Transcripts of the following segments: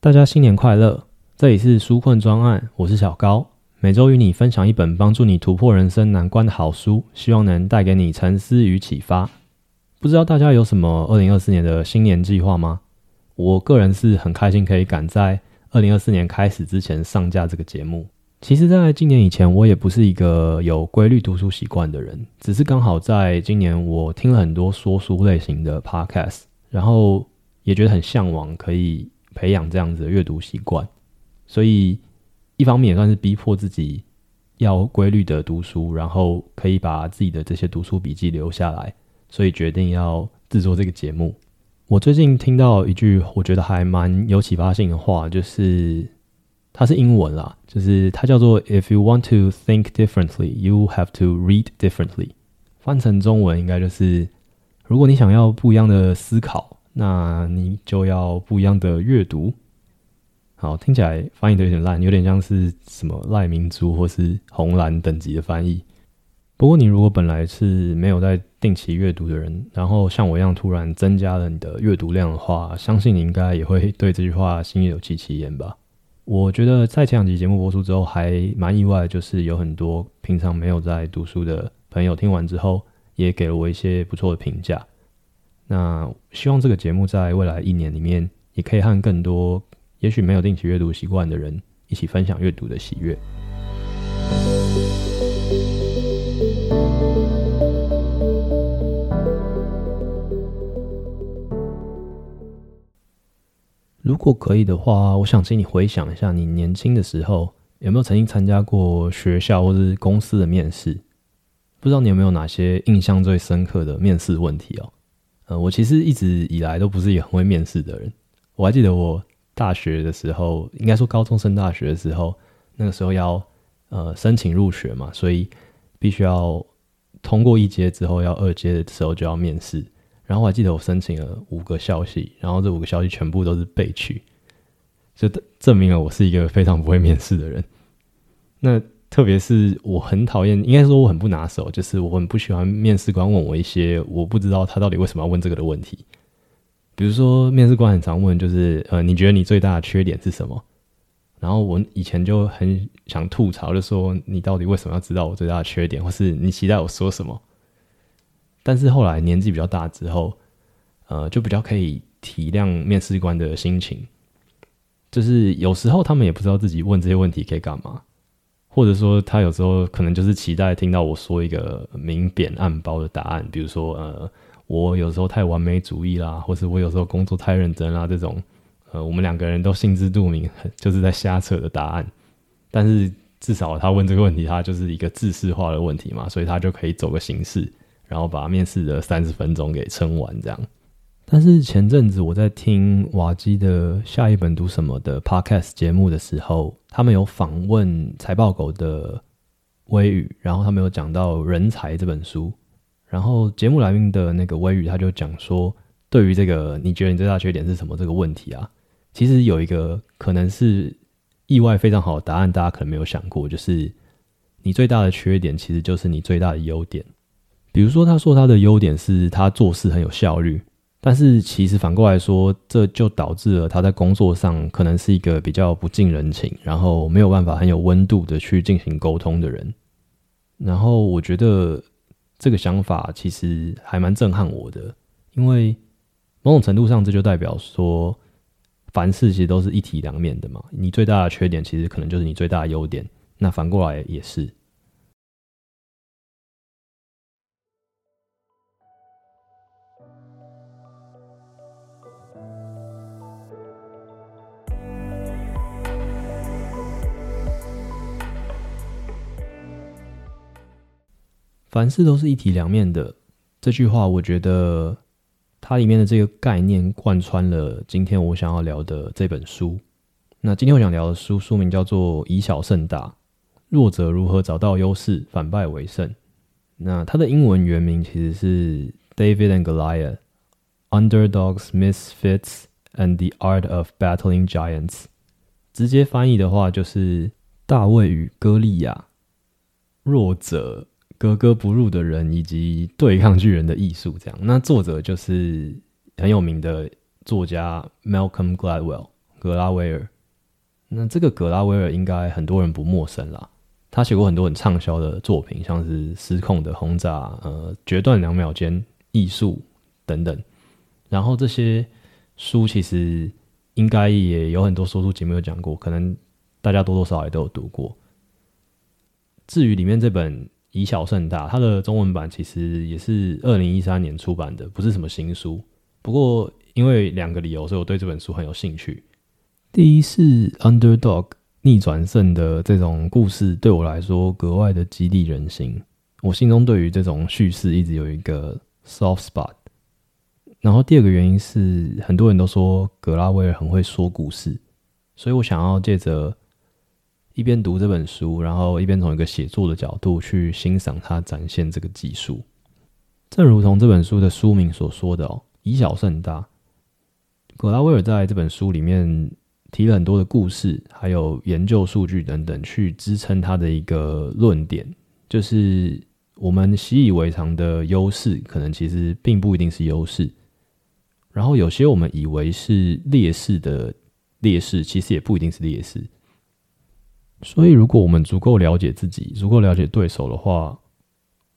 大家新年快樂！這裡是書困專案，我是小高。每周與你分享一本幫助你突破人生難關的好書，希望能帶給你沉思與啟發。不知道大家有什麼二零二四年的新年計劃嗎？我個人是很開心可以趕在二零二四年開始之前上架這個節目。其實，在今年以前，我也不是一個有規律讀書習慣的人，只是剛好在今年我聽了很多說書類型的 podcast，然後也覺得很向往可以。培養這樣子的閱讀習慣，所以一方面也算是逼迫自己要規律的讀書，然後可以把自己的這些讀書筆記留下來，所以決定要制作這個節目。我最近聽到一句我覺得還蠻有啟發性的話，就是它是英文啦，就是它叫做 "If you want to think differently, you have to read differently"，翻成中文應該就是如果你想要不一樣的思考。那你就要不一樣的閱讀。好，聽起來翻譯得有點爛，有點像是什麼賴明珠或是洪蘭等級的翻譯。不過你如果本來是沒有在定期閱讀的人，然後像我一樣突然增加了你的閱讀量的話，相信你應該也會對這句話心有戚戚焉吧。我覺得在前兩集節目播出之後，還蠻意外，就是有很多平常沒有在讀書的朋友聽完之後，也給了我一些不錯的評價。那希望這個節目在未來一年裡面，也可以和更多也許沒有定期閱讀習慣的人一起分享閱讀的喜悅。如果可以的話，我想請你回想一下，你年輕的時候有沒有曾經參加過學校或是公司的面試？不知道你有沒有哪些印象最深刻的面試問題哦？嗯、呃，我其實一直以來都不是一個很會面試的人。我還記得我大學的時候，應該說高中升大學的時候，那個時候要呃申請入學嘛，所以必須要通過一階之後要二階的時候就要面試。然後我還記得我申請了五個校系，然後這五個校系全部都是被拒，就證明了我是一個非常不會面試的人。那。特別是我很討厭，應該說我很不拿手，就是我很不喜歡面試官問我一些我不知道他到底為什麼要問這個的問題。比如說，面試官很常問，就是呃，你覺得你最大的缺點是什麼？然後我以前就很想吐槽，就說你到底為什麼要知道我最大的缺點，或是你期待我說什麼？但是後來年紀比較大之後，呃，就比較可以體諒面試官的心情，就是有時候他們也不知道自己問這些問題可以幹嘛。或者說他有時候可能就是期待聽到我說一個明貶暗褒的答案，比如說呃，我有時候太完美主義啦，或是我有時候工作太認真啦，這種呃，我們兩個人都心知肚明，就是在瞎扯的答案。但是至少他問這個問題，他就是一個制式化的問題嘛，所以他就可以走個形式，然後把面試的三十分鐘給撐完這樣。但是前陣子我在聽瓦基的下一本讀什麼的 podcast 節目的時候，他們有訪問財報狗的微宇，然後他們有講到《人才》這本書，然後節目來賓的那個微宇他就講說，對於這個你覺得你最大缺點是什麼這個問題啊，其實有一個可能是意外非常好的答案，大家可能沒有想過，就是你最大的缺點其實就是你最大的優點。比如說，他說他的優點是他做事很有效率。但是其實反過來說，這就導致了他在工作上可能是一個比較不近人情，然後沒有辦法很有溫度的去進行溝通的人。然後我覺得這個想法其實還蠻震撼我的，因為某種程度上這就代表說，凡事其實都是一體兩面的嘛。你最大的缺點其實可能就是你最大的優點，那反過來也是。凡事都是一體兩面的這句話，我覺得它裡面的這個概念貫穿了今天我想要聊的這本書。那今天我想聊的書書名叫做《以小勝大：弱者如何找到優勢，反敗為勝》。那它的英文原名其實是《David and Goliath: Underdogs, Misfits, and the Art of Battling Giants》。直接翻譯的話就是《大衛與歌利亞：弱者》。格格不入的人，以及對抗巨人的藝術，這樣。那作者就是很有名的作家 Malcolm Gladwell 格拉威爾。那這個格拉威爾應該很多人不陌生啦，他寫過很多很暢銷的作品，像是《失控的轟炸》，呃，《決斷兩秒間》、《異數》等等。然後這些書其實應該也有很多說書節目有講過，可能大家多多少少也都有讀過。至於裡面這本。以小勝大，它的中文版其實也是二零一三年出版的，不是什麼新書。不過因為兩個理由，所以我對這本書很有興趣。第一是 Underdog 逆轉勝的這種故事，對我來說格外的激勵人心。我心中對於這種敘事一直有一個 soft spot。然後第二個原因是，很多人都說格拉威爾很會說故事，所以我想要借着。一邊讀這本書，然後一邊從一個寫作的角度去欣賞它展現這個技術，正如同這本書的書名所說的哦，以小勝大。格拉威爾在這本書裡面提了很多的故事，還有研究數據等等，去支撐他的一個論點，就是我們習以為常的優勢，可能其實並不一定是優勢。然後有些我們以為是劣勢的劣勢，其實也不一定是劣勢。所以，如果我們足夠了解自己，足夠了解對手的話，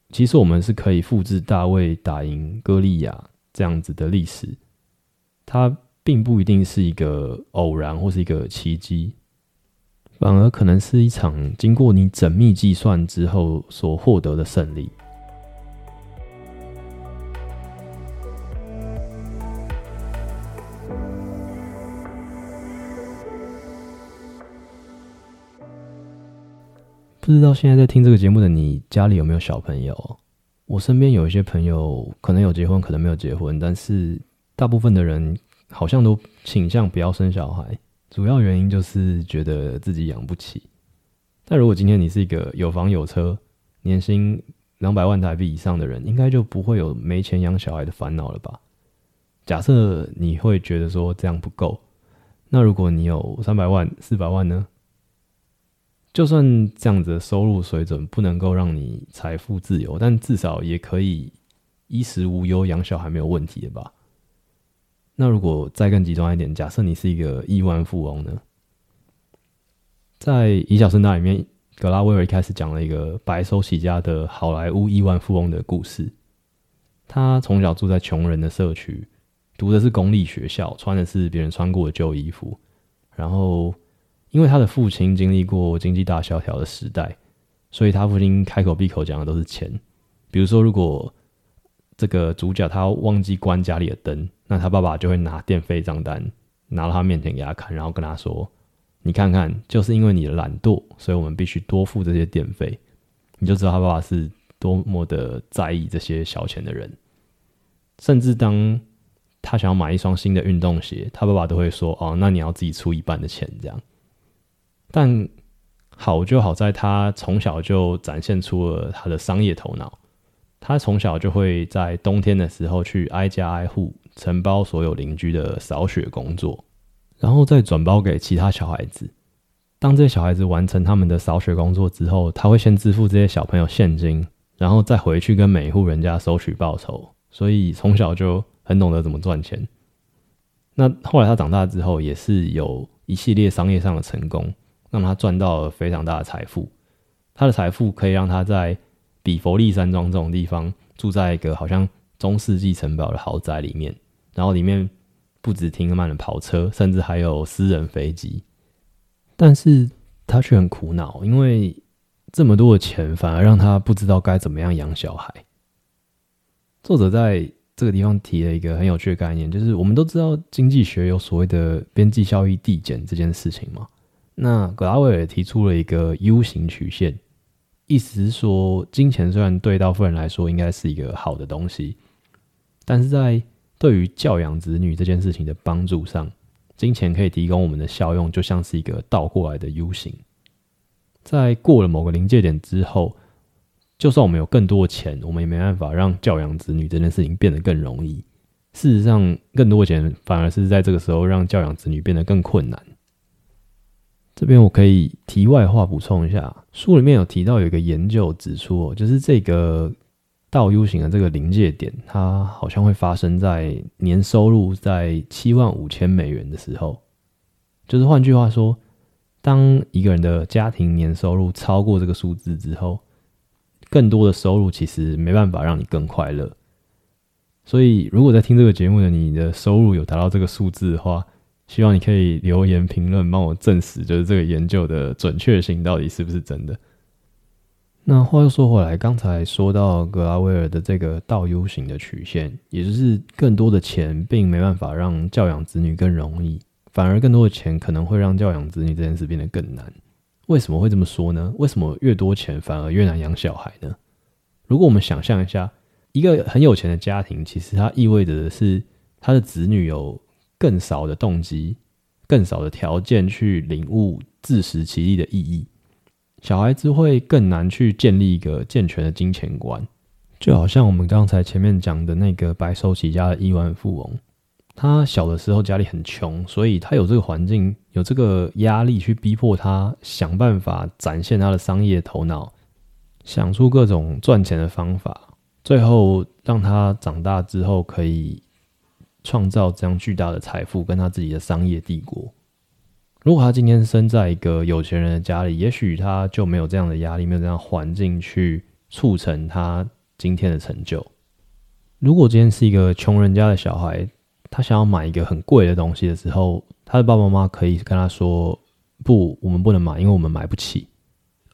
其實我們是可以複製大衛打贏歌利亞這樣子的歷史。它並不一定是一個偶然或是一個奇蹟，反而可能是一場經過你縝密計算之後所獲得的勝利。不知道現在在聽這個節目的你家裡有沒有小朋友？我身邊有一些朋友可能有結婚，可能沒有結婚，但是大部分的人好像都傾向不要生小孩，主要原因就是覺得自己養不起。但如果今天你是一個有房有車、年薪兩百萬台幣以上的人，應該就不會有沒錢養小孩的煩惱了吧？假設你會覺得說這樣不夠，那如果你有三百萬、四百萬呢？就算這樣子的收入水準不能夠讓你財富自由，但至少也可以衣食無憂、養小孩沒有問題的吧？那如果再更極端一點，假設你是一個億萬富翁呢？在以小勝大裡面，格拉威爾一開始講了一個白手起家的好萊塢億萬富翁的故事。他從小住在窮人的社區，讀的是公立學校，穿的是別人穿過的舊衣服，然後。因為他的父親經歷過經濟大蕭條的時代，所以他父親開口閉口講的都是錢。比如說，如果這個主角他忘記關家裡的燈，那他爸爸就會拿電費賬單拿到他面前給他看，然後跟他說：“你看看，就是因為你的懶惰，所以我們必須多付這些電費。”你就知道他爸爸是多麼的在意這些小錢的人。甚至當他想要買一雙新的運動鞋，他爸爸都會說：“哦，那你要自己出一半的錢。”這樣。但好就好在他從小就展現出了他的商業頭腦。他從小就會在冬天的時候去挨家挨戶承包所有鄰居的掃雪工作，然後再轉包給其他小孩子。當這些小孩子完成他們的掃雪工作之後，他會先支付這些小朋友現金，然後再回去跟每一戶人家收取報酬。所以從小就很懂得怎麼賺錢。那後來他長大之後，也是有一系列商業上的成功。讓他賺到了非常大的財富，他的財富可以讓他在比佛利山莊這種地方住在一個好像中世紀城堡的豪宅裡面，然後裡面不止停滿了跑車，甚至還有私人飛機。但是他卻很苦惱，因為這麼多的錢反而讓他不知道該怎麼樣養小孩。作者在這個地方提了一個很有趣的概念，就是我們都知道經濟學有所謂的邊際效益遞減這件事情嗎？那葛拉威爾提出了一個 U 型曲線，意思是說，金錢雖然對到富人來說應該是一個好的東西，但是在對於教養子女這件事情的幫助上，金錢可以提供我們的效用，就像是一個倒過來的 U 型。在過了某個臨界點之後，就算我們有更多的錢，我們也沒辦法讓教養子女這件事情變得更容易。事實上，更多的錢反而是在這個時候讓教養子女變得更困難。這邊我可以題外話補充一下，書裡面有提到有一個研究指出哦，就是這個倒 U 型的這個臨界點，它好像會發生在年收入在七萬五千美元的時候。就是換句話說，當一個人的家庭年收入超過這個數字之後，更多的收入其實沒辦法讓你更快樂。所以，如果在聽這個節目的你的收入有達到這個數字的話，希望你可以留言評論，幫我證實就是這個研究的準確性到底是不是真的。那話又說回來，剛才說到格拉威爾的這個倒 U 型的曲線，也就是更多的錢並沒辦法讓教養子女更容易，反而更多的錢可能會讓教養子女這件事變得更難。為什麼會這麼說呢？為什麼越多錢反而越難養小孩呢？如果我們想象一下，一個很有錢的家庭，其實它意味着的是他的子女有。更少的動機，更少的條件去領悟自食其力的意義，小孩子會更難去建立一個健全的金錢觀。就好像我們剛才前面講的那個白手起家的億萬富翁，他小的時候家裡很窮，所以他有這個環境，有這個壓力去逼迫他想辦法展現他的商業頭腦，想出各種賺錢的方法，最後讓他長大之後可以。創造這樣巨大的財富跟他自己的商業帝國。如果他今天生在一個有錢人的家裡，也許他就沒有這樣的壓力，沒有這樣環境去促成他今天的成就。如果今天是一個窮人家的小孩，他想要買一個很貴的東西的時候，他的爸爸媽媽可以跟他說：“不，我們不能買，因為我們買不起。”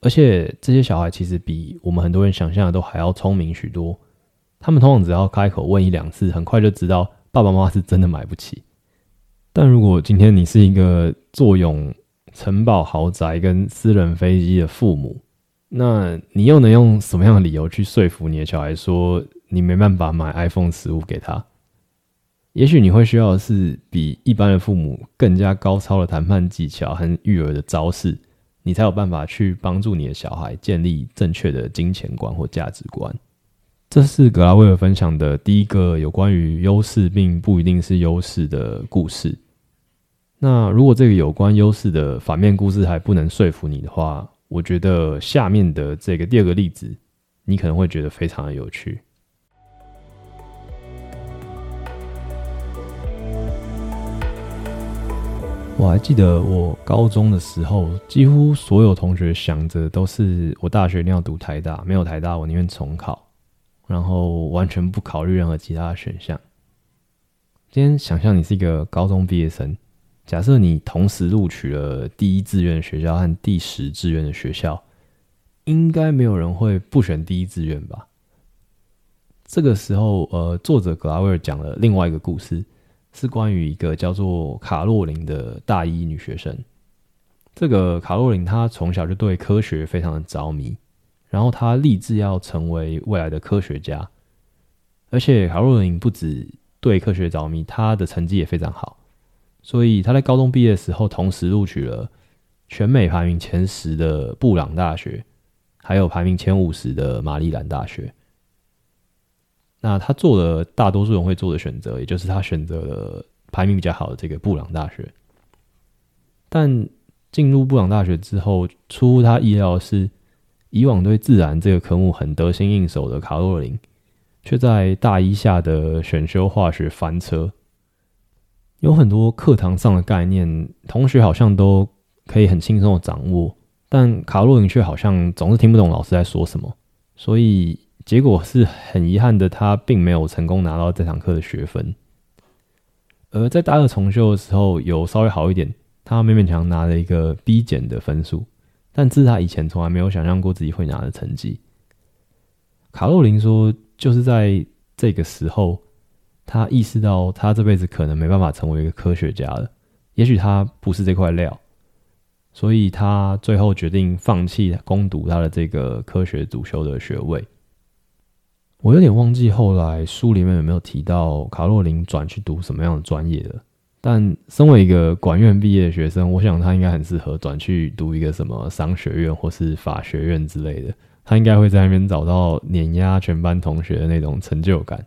而且這些小孩其實比我們很多人想象的都還要聰明許多，他們通常只要開口問一兩次，很快就知道。爸爸媽媽是真的買不起，但如果今天你是一個坐擁城堡豪宅跟私人飛機的父母，那你又能用什麼樣的理由去說服你的小孩說你沒辦法買 iPhone 十五給他？也許你會需要的是比一般的父母更加高超的談判技巧和育兒的招式，你才有辦法去幫助你的小孩建立正確的金錢觀或價值觀。這是格拉威爾分享的第一個有關於優勢並不一定是優勢的故事。那如果這個有關優勢的反面故事還不能說服你的話，我覺得下面的這個第二個例子，你可能會覺得非常的有趣。我還記得我高中的時候，幾乎所有同學想着都是我大學一定要讀台大，沒有台大我寧願重考。然後完全不考慮任何其他的選項。今天想象你是一個高中畢業生，假設你同時錄取了第一志願的學校和第十志願的學校，應該沒有人會不選第一志願吧？這個時候，呃，作者格拉威爾講了另外一個故事，是關於一個叫做卡洛琳的大一女學生。這個卡洛琳她從小就對科學非常的着迷。然後他立志要成為未來的科學家，而且卡若琳不只對科學着迷，他的成績也非常好，所以他在高中畢業的時候，同時錄取了全美排名前十的布朗大學，還有排名前五十的馬里蘭大學。那他做了大多數人會做的選擇，也就是他選擇了排名比較好的這個布朗大學。但進入布朗大學之後，出乎他意料的是，以往對自然這個科目很得心應手的卡洛琳，卻在大一下的選修化學翻車。有很多課堂上的概念，同學好像都可以很輕鬆的掌握，但卡洛琳卻好像總是聽不懂老師在說什麼。所以結果是很遺憾的，他並沒有成功拿到這堂課的學分。而在大二重修的時候，有稍微好一點，他勉勉強強拿了一個 B 減的分數。但這是他以前從來沒有想象過自己會拿的成績。卡洛琳說：“就是在這個時候，他意識到他這輩子可能沒辦法成為一個科學家了。也許他不是這塊料，所以他最後決定放棄攻讀他的這個科學主修的學位。”我有點忘記後來書裡面有沒有提到卡洛琳轉去讀什麼樣的專業了。但身為一個管院畢業的學生，我想他應該很適合轉去讀一個什麼商學院或是法學院之類的。他應該會在那邊找到碾壓全班同學的那種成就感。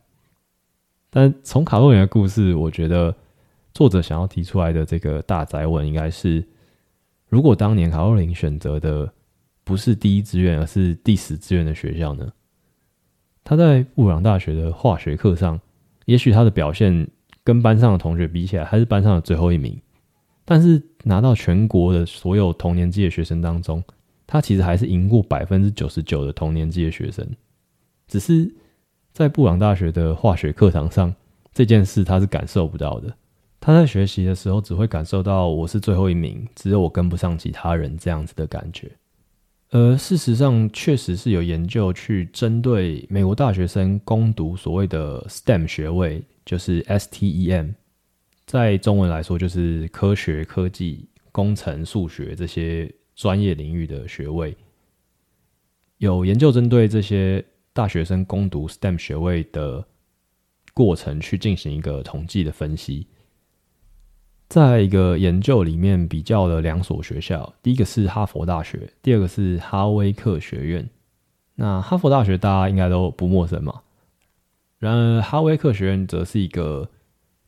但從卡洛琳的故事，我覺得作者想要提出來的這個大哉問，應該是如果當年卡洛琳選擇的不是第一志願，而是第十志願的學校呢？他在布朗大學的化學課上，也許他的表現。跟班上的同學比起來，他是班上的最後一名。但是拿到全國的所有同年級的學生當中，他其實還是贏過百分之九十九的同年級的學生。只是在布朗大學的化學課堂上，這件事他是感受不到的。他在學習的時候，只會感受到我是最後一名，只有我跟不上其他人這樣子的感覺。而、呃、事實上，確實是有研究去針對美國大學生攻讀所謂的 STEM 學位。就是 STEM，在中文來說就是科學、科技、工程、數學這些專業領域的學位。有研究針對這些大學生攻讀 STEM 學位的過程去進行一個統計的分析，在一個研究裡面比較了兩所學校，第一個是哈佛大學，第二個是哈威克學院。那哈佛大學大家應該都不陌生嘛。然而，哈威克學院則是一個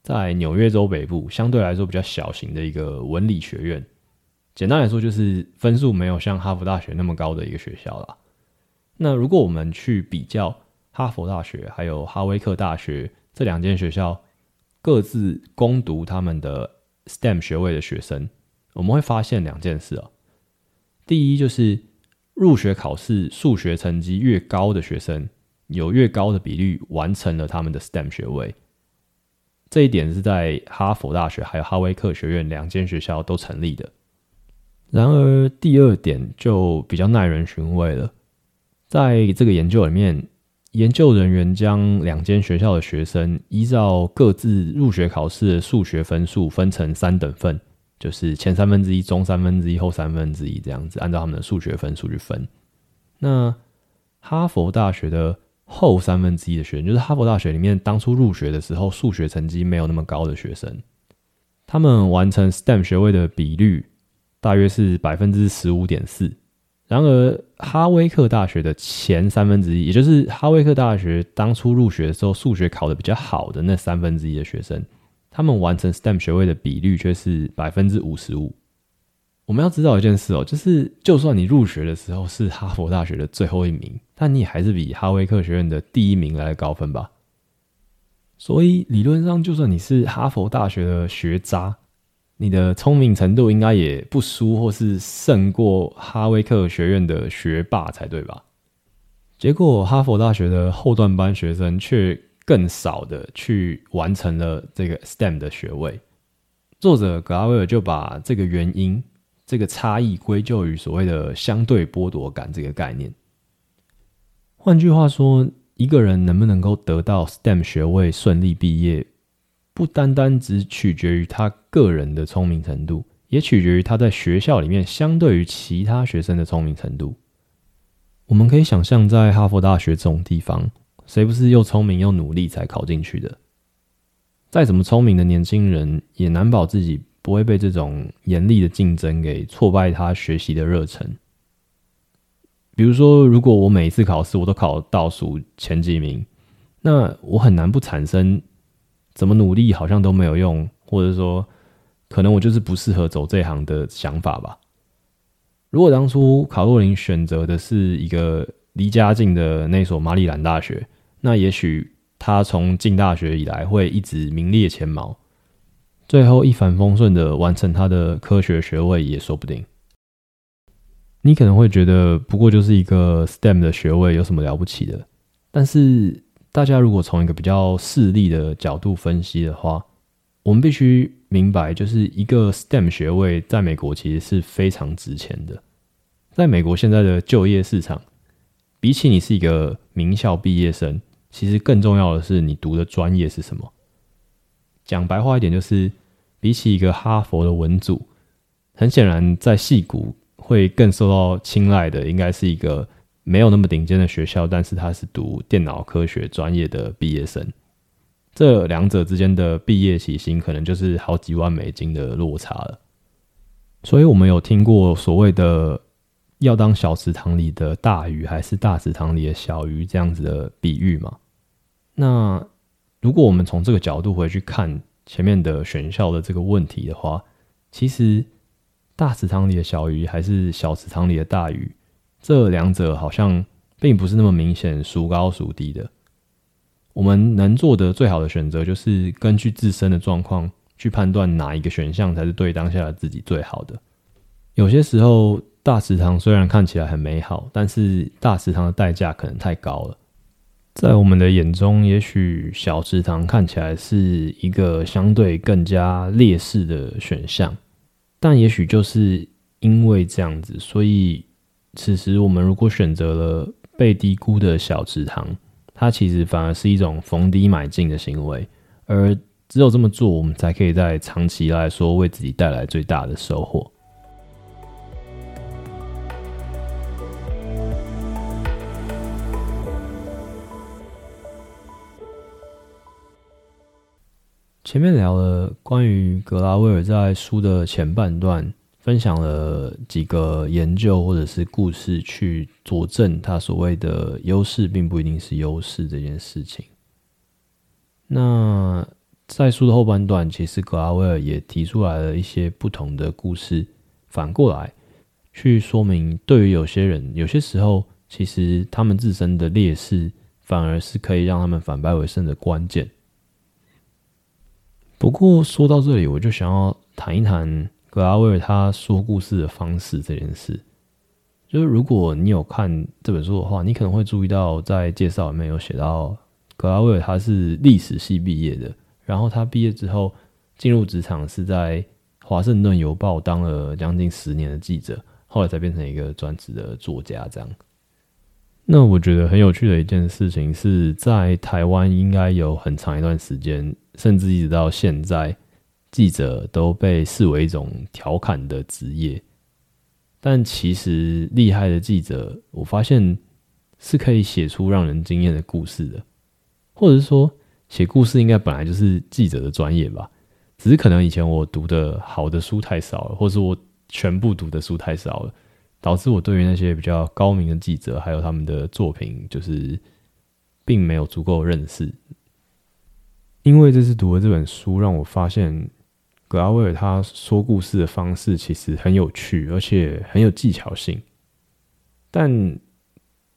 在紐約州北部相對來說比較小型的一個文理學院。簡單來說，就是分數沒有像哈佛大學那麼高的一個學校啦。那如果我們去比較哈佛大學還有哈威克大學這兩間學校各自攻讀他們的 STEM 學位的學生，我們會發現兩件事啊、喔。第一，就是入學考試數學成績越高的學生，有越高的比率完成了他們的 STEM 學位，這一點是在哈佛大學還有哈威克學院兩間學校都成立的。然而，第二點就比較耐人尋味了。在這個研究裡面，研究人員將兩間學校的學生依照各自入學考試的數學分數分成三等份，就是前三分之一、中三分之一、後三分之一這樣子，按照他們的數學分數去分。那哈佛大學的後三分之一的學生，就是哈佛大學裡面當初入學的時候數學成績沒有那麼高的學生，他們完成 STEM 學位的比率大約是百分之十五點四。然而，哈威克大學的前三分之一，也就是哈威克大學當初入學的時候數學考得比較好的那三分之一的學生，他們完成 STEM 學位的比率卻是百分之五十五。我們要知道一件事哦，就是就算你入學的時候是哈佛大學的最後一名，但你也還是比哈威克學院的第一名來的高分吧。所以理論上，就算你是哈佛大學的學渣，你的聰明程度應該也不輸或是勝過哈威克學院的學霸才對吧？結果哈佛大學的後段班學生卻更少的去完成了這個 STEM 的學位。作者格拉威爾就把這個原因這個差異歸咎於所謂的相對剝奪感這個概念。換句話說，一個人能不能夠得到 STEM 學位順利畢業，不單單只取決於他個人的聰明程度，也取決於他在學校裡面相對於其他學生的聰明程度。我們可以想象，在哈佛大學這種地方，誰不是又聰明又努力才考進去的？再怎麼聰明的年輕人，也難保自己。不會被這種嚴厲的競爭給挫敗他學習的熱忱。比如說，如果我每一次考試我都考倒數前幾名，那我很難不產生怎麼努力好像都沒有用，或者說可能我就是不適合走這行的想法吧。如果當初卡洛琳選擇的是一個離家近的那所馬里蘭大學，那也許她從進大學以來會一直名列前茅。最後一帆風順的完成他的科學學位也說不定。你可能會覺得，不過就是一個 STEM 的學位有什麼了不起的？但是大家如果從一個比較勢利的角度分析的話，我們必須明白，就是一個 STEM 學位在美國其實是非常值錢的。在美國現在的就業市場，比起你是一個名校畢業生，其實更重要的是你讀的專業是什麼。講白話一點就是，比起一個哈佛的文組，很顯然在矽谷會更受到青睞的，應該是一個沒有那麼頂尖的學校，但是他是讀電腦科學專業的畢業生。這兩者之間的畢業起薪，可能就是好幾萬美金的落差了。所以，我們有聽過所謂的要當小池塘裡的大魚，還是大池塘裡的小魚這樣子的比喻嗎？那如果我們從這個角度回去看。前面的選校的這個問題的話，其實大池塘裡的小魚還是小池塘裡的大魚，這兩者好像並不是那麼明顯孰高孰低的。我們能做的最好的選擇，就是根據自身的狀況去判斷哪一個選項才是對當下的自己最好的。有些時候，大池塘雖然看起來很美好，但是大池塘的代價可能太高了。在我們的眼中，也許小池塘看起來是一個相對更加劣勢的選項，但也許就是因為這樣子，所以此時我們如果選擇了被低估的小池塘，它其實反而是一種逢低買進的行為，而只有這麼做，我們才可以在長期來說為自己帶來最大的收穫。前面聊了關於格拉威爾在書的前半段分享了幾個研究或者是故事，去佐證他所謂的優勢並不一定是優勢這件事情。那在書的後半段，其實格拉威爾也提出來了一些不同的故事，反過來去說明，對於有些人，有些時候，其實他們自身的劣勢反而是可以讓他們反敗為勝的關鍵。不過說到這裡，我就想要談一談格拉威爾他說故事的方式這件事。就是如果你有看這本書的話，你可能會注意到，在介紹裡面有寫到格拉威爾他是歷史系畢業的，然後他畢業之後進入職場是在華盛頓郵報當了將近十年的記者，後來才變成一個專職的作家這樣。那我覺得很有趣的一件事情是在台灣，應該有很長一段時間，甚至一直到現在，記者都被視為一種調侃的職業。但其實厲害的記者，我發現是可以寫出讓人驚豔的故事的，或者說寫故事應該本來就是記者的專業吧。只是可能以前我讀的好的書太少了，或者我全部讀的書太少了。導致我對於那些比較高明的記者，還有他們的作品，就是並沒有足夠認識。因為這次讀了這本書，讓我發現格拉威爾他說故事的方式其實很有趣，而且很有技巧性。但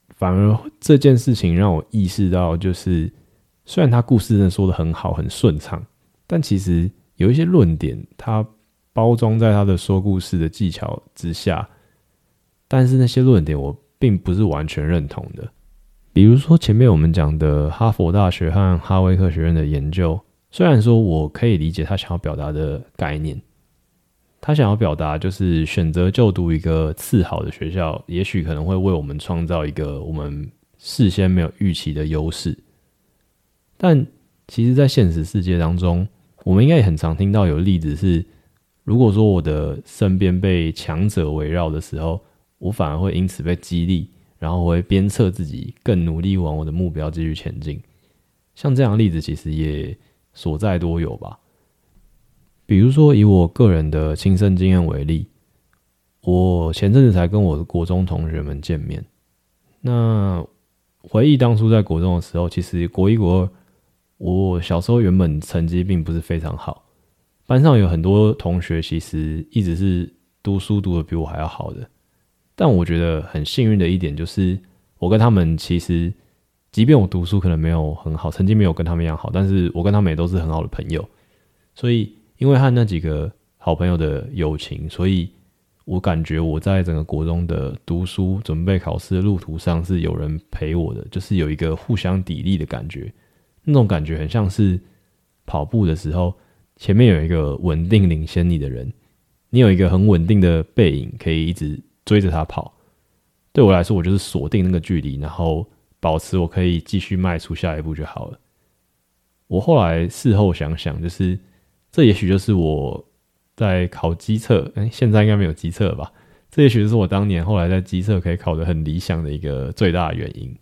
反而這件事情讓我意識到，就是雖然他故事真的說的很好，很順暢，但其實有一些論點，他包裝在他的說故事的技巧之下。但是那些論點我並不是完全認同的，比如說前面我們講的哈佛大學和哈威克學院的研究，雖然說我可以理解他想要表達的概念，他想要表達就是選擇就讀一個次好的學校，也許可能會為我們創造一個我們事先沒有預期的優勢，但其實，在現實世界當中，我們應該也很常聽到有例子是，如果說我的身邊被強者圍繞的時候。我反而會因此被激勵，然後我會鞭策自己更努力往我的目標繼續前進。像這樣的例子其實也所在多有吧。比如說以我個人的親身經驗為例，我前陣子才跟我的國中同學們見面。那回憶當初在國中的時候，其實國一、國二，我小時候原本成績並不是非常好，班上有很多同學其實一直是讀書讀的比我還要好的。但我覺得很幸運的一點就是，我跟他們其實，即便我讀書可能沒有很好，成績沒有跟他們一樣好，但是我跟他們也都是很好的朋友。所以，因為和那幾個好朋友的友情，所以我感覺我在整個國中的讀書、準備考試的路途上是有人陪我的，就是有一個互相砥礪的感覺。那種感覺很像是跑步的時候，前面有一個穩定領先你的人，你有一個很穩定的背影，可以一直追着他跑，對我來說，我就是鎖定那個距離，然後保持我可以繼續邁出下一步就好了。我後來事後想想，就是這也許就是我在考基測，誒，現在應該沒有基測吧？這也許是我當年後來在基測可以考得很理想的一個最大的原因。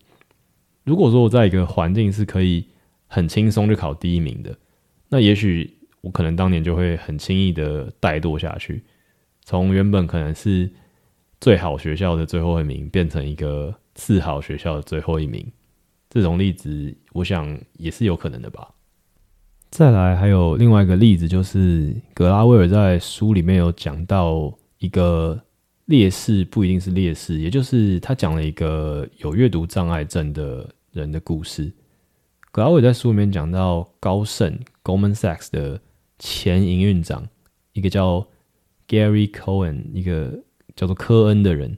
如果說我在一個環境是可以很輕鬆就考第一名的，那也許我可能當年就會很輕易的怠惰下去，從原本可能是。最好學校的最後一名，變成一個次好學校的最後一名，這種例子我想也是有可能的吧。再來，還有另外一個例子，就是格拉威爾在書裡面有講到一個劣勢，不一定是劣勢，也就是他講了一個有閱讀障礙症的人的故事。格拉威爾在書裡面講到高盛 Goldman Sachs 的前營運長，一個叫 Gary Cohen，一個。叫做科恩的人，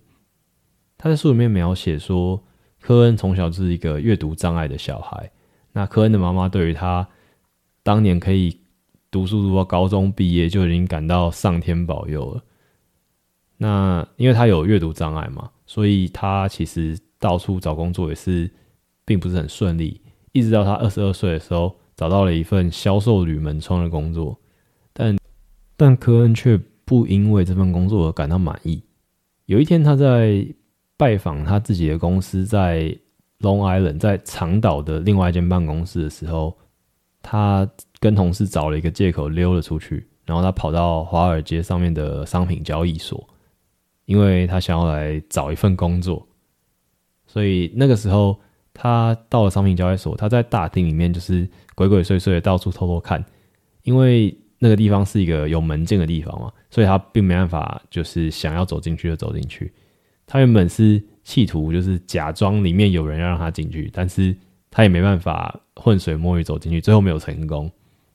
他在書裡面描寫說，科恩從小就是一個閱讀障礙的小孩。那科恩的媽媽對於他當年可以讀書讀到高中畢業就已經感到上天保佑了。那因為他有閱讀障礙嘛，所以他其實到處找工作也是並不是很順利。一直到他二十二歲的時候，找到了一份銷售鋁門窗的工作，但但科恩卻不因為這份工作而感到滿意。有一天，他在拜訪他自己的公司，在 Long Island 在長島的另外一間辦公室的時候，他跟同事找了一個借口溜了出去，然後他跑到華爾街上面的商品交易所，因為他想要來找一份工作，所以那個時候他到了商品交易所，他在大廳裡面就是鬼鬼祟祟的到處偷偷看，因為。那個地方是一個有門禁的地方嘛，所以他並沒辦法，就是想要走進去就走進去。他原本是企圖就是假裝裡面有人要讓他進去，但是他也沒辦法渾水摸魚走進去，最後沒有成功。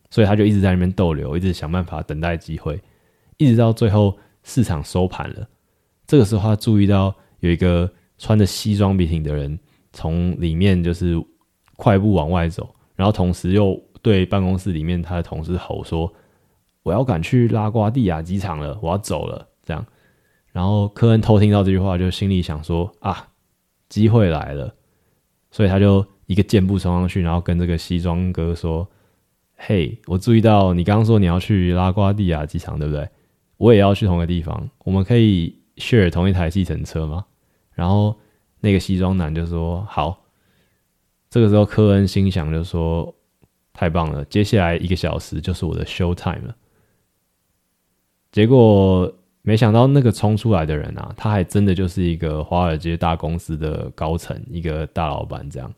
所以他就一直在那邊逗留，一直想辦法等待機會，一直到最後市場收盤了。這個時候他注意到有一個穿着西裝筆挺的人，從裡面就是快步往外走，然後同時又對辦公室裡面他的同事吼說。我要趕去拉瓜地亞機場了，我要走了。這樣，然後科恩偷聽到這句話，就心裡想說：“啊，機會來了！”所以他就一個箭步衝上去，然後跟這個西裝哥說：“嘿，我注意到你剛剛說你要去拉瓜地亞機場，對不對？我也要去同一個地方，我們可以 share 同一台計程車嗎？”然後那個西裝男就說：“好。”這個時候，科恩心想就說：“太棒了！接下來一個小時就是我的 show time 了。”結果沒想到那個衝出來的人啊，他還真的就是一個華爾街大公司的高層，一個大老闆這樣。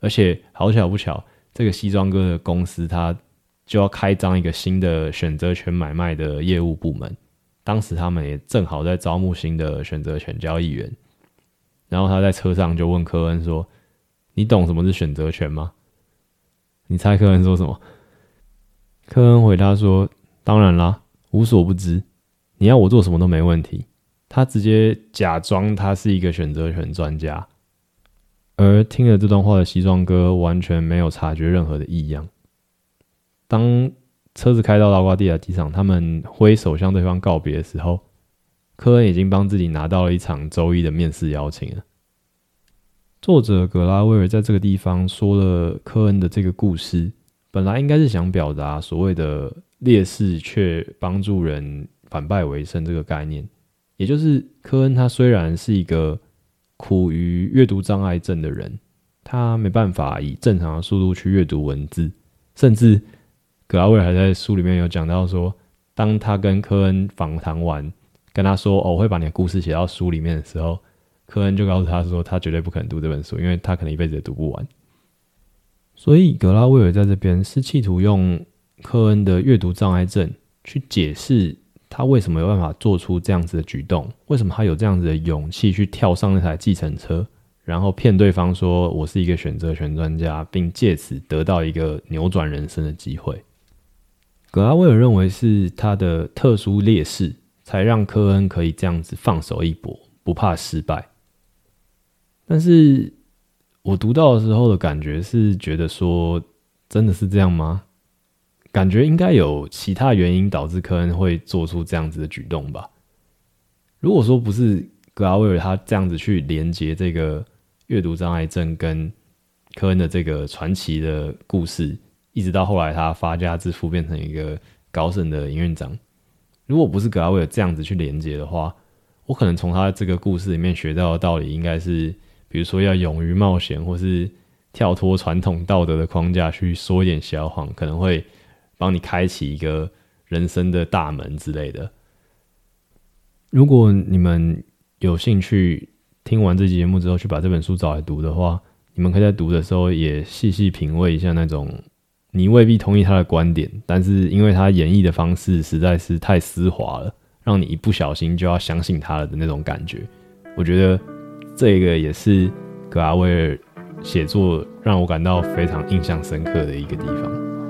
而且好巧不巧，這個西裝哥的公司他就要開張一個新的選擇權買賣的業務部門，當時他們也正好在招募新的選擇權交易員。然後他在車上就問科恩說：“你懂什麼是選擇權嗎？”你猜科恩說什麼？科恩回答說：“當然啦。”無所不知，你要我做什麼都沒問題。他直接假裝他是一個選擇權專家，而聽了這段話的西裝哥完全沒有察覺任何的異樣。當車子開到拉瓜蒂亞機場，他們揮手向對方告別的時候，科恩已經幫自己拿到了一場週一的面試邀請了。作者格拉威爾在這個地方說了科恩的這個故事，本來應該是想表達所謂的。劣勢卻幫助人反敗為勝這個概念，也就是科恩他雖然是一個苦於閱讀障礙症的人，他沒辦法以正常的速度去閱讀文字，甚至格拉威爾還在書裡面有講到說，當他跟科恩訪談完，跟他說、哦、我會把你的故事寫到書裡面的時候，科恩就告訴他說他絕對不可能讀這本書，因為他可能一輩子也讀不完。所以格拉威爾在這邊是企圖用。科恩的閱讀障礙症去解釋他為什麼有辦法做出這樣子的舉動，為什麼他有這樣子的勇氣去跳上那台計程車，然後騙對方說我是一個選擇權專家，並借此得到一個扭轉人生的機會。葛拉威爾認為是他的特殊劣勢才讓科恩可以這樣子放手一搏，不怕失敗。但是我讀到的時候的感覺是覺得說，真的是這樣嗎？感覺應該有其他原因導致科恩會做出這樣子的舉動吧。如果說不是格拉威爾他這樣子去連接這個閱讀障礙症跟科恩的這個傳奇的故事，一直到後來他發家致富變成一個高盛的營運長，如果不是格拉威爾這樣子去連接的話，我可能從他這個故事裡面學到的道理應該是，比如說要勇於冒險，或是跳脫傳統道德的框架去說一點小謊，可能會。幫你開啟一個人生的大門之類的。如果你們有興趣，聽完這期節目之後去把這本書找來讀的話，你們可以在讀的時候也細細品味一下，那種你未必同意他的觀點，但是因為他演繹的方式實在是太絲滑了，讓你一不小心就要相信他了的那種感覺。我覺得這個也是格拉威爾寫作讓我感到非常印象深刻的一個地方。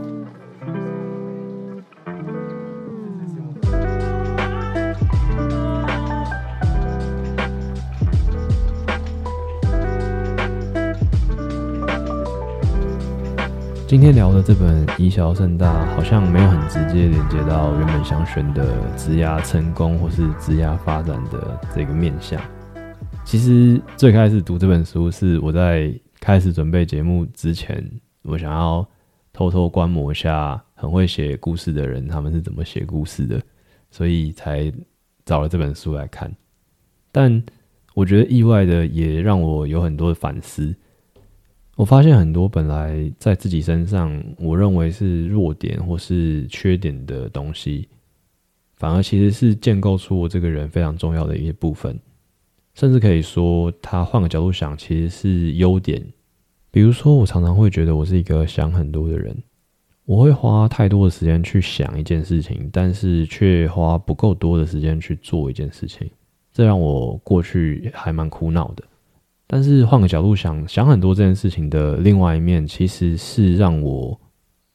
今天聊的這本《以小勝大》，好像沒有很直接連接到原本想選的“職業成功”或是“職業發展”的這個面向。其實最開始讀這本書是我在開始準備節目之前，我想要偷偷觀摩一下很會寫故事的人他們是怎麼寫故事的，所以才找了這本書來看。但我覺得意外的，也讓我有很多的反思。我發現很多本來在自己身上，我認為是弱點或是缺點的東西，反而其實是建構出我這個人非常重要的一些部分，甚至可以說，他換個角度想，其實是優點。比如說，我常常會覺得我是一個想很多的人，我會花太多的時間去想一件事情，但是卻花不夠多的時間去做一件事情，這讓我過去還蠻苦惱的。但是換個角度想，想很多這件事情的另外一面，其實是讓我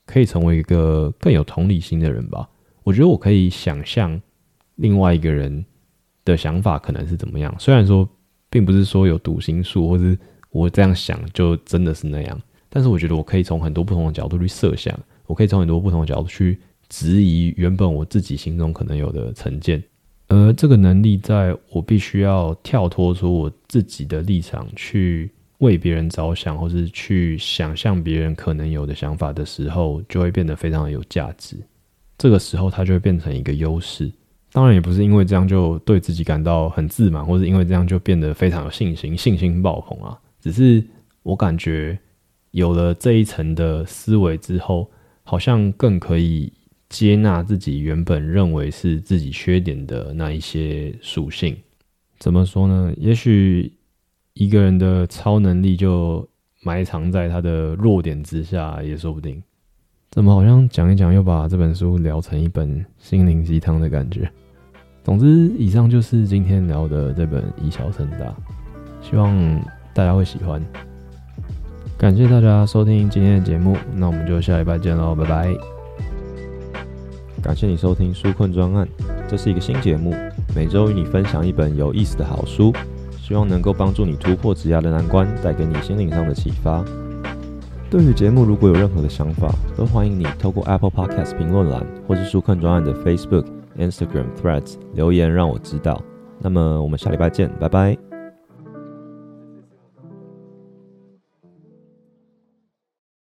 可以成為一個更有同理心的人吧。我覺得我可以想象另外一個人的想法可能是怎麼樣。雖然說並不是說有讀心術，或是我這樣想就真的是那樣，但是我覺得我可以從很多不同的角度去設想，我可以從很多不同的角度去質疑原本我自己心中可能有的成見。而、呃、這個能力，在我必須要跳脫出我自己的立場去為別人着想，或是去想象別人可能有的想法的時候，就會變得非常的有價值。這個時候，它就會變成一個優勢。當然，也不是因為這樣就對自己感到很自滿，或是因為這樣就變得非常有信心、信心爆棚啊。只是我感覺，有了這一層的思維之後，好像更可以接納自己原本認為是自己缺點的那一些屬性。怎麼說呢？也許一個人的超能力就埋藏在他的弱點之下，也說不定。怎麼好像講一講又把這本書聊成一本心靈雞湯的感覺？總之，以上就是今天聊的這本《以小勝大》，希望大家會喜歡。感謝大家收聽今天的節目，那我們就下禮拜見嘍，拜拜！感謝你收聽《書困專案》，這是一個新節目。每週與你分享一本有意思的好書，希望能夠幫助你突破職涯的難關，帶給你心靈上的啟發。對於節目，如果有任何的想法，都歡迎你透過 Apple Podcast 評論欄，或是書困專案的 Facebook、Instagram、Threads 留言讓我知道。那麼我們下禮拜見，拜拜。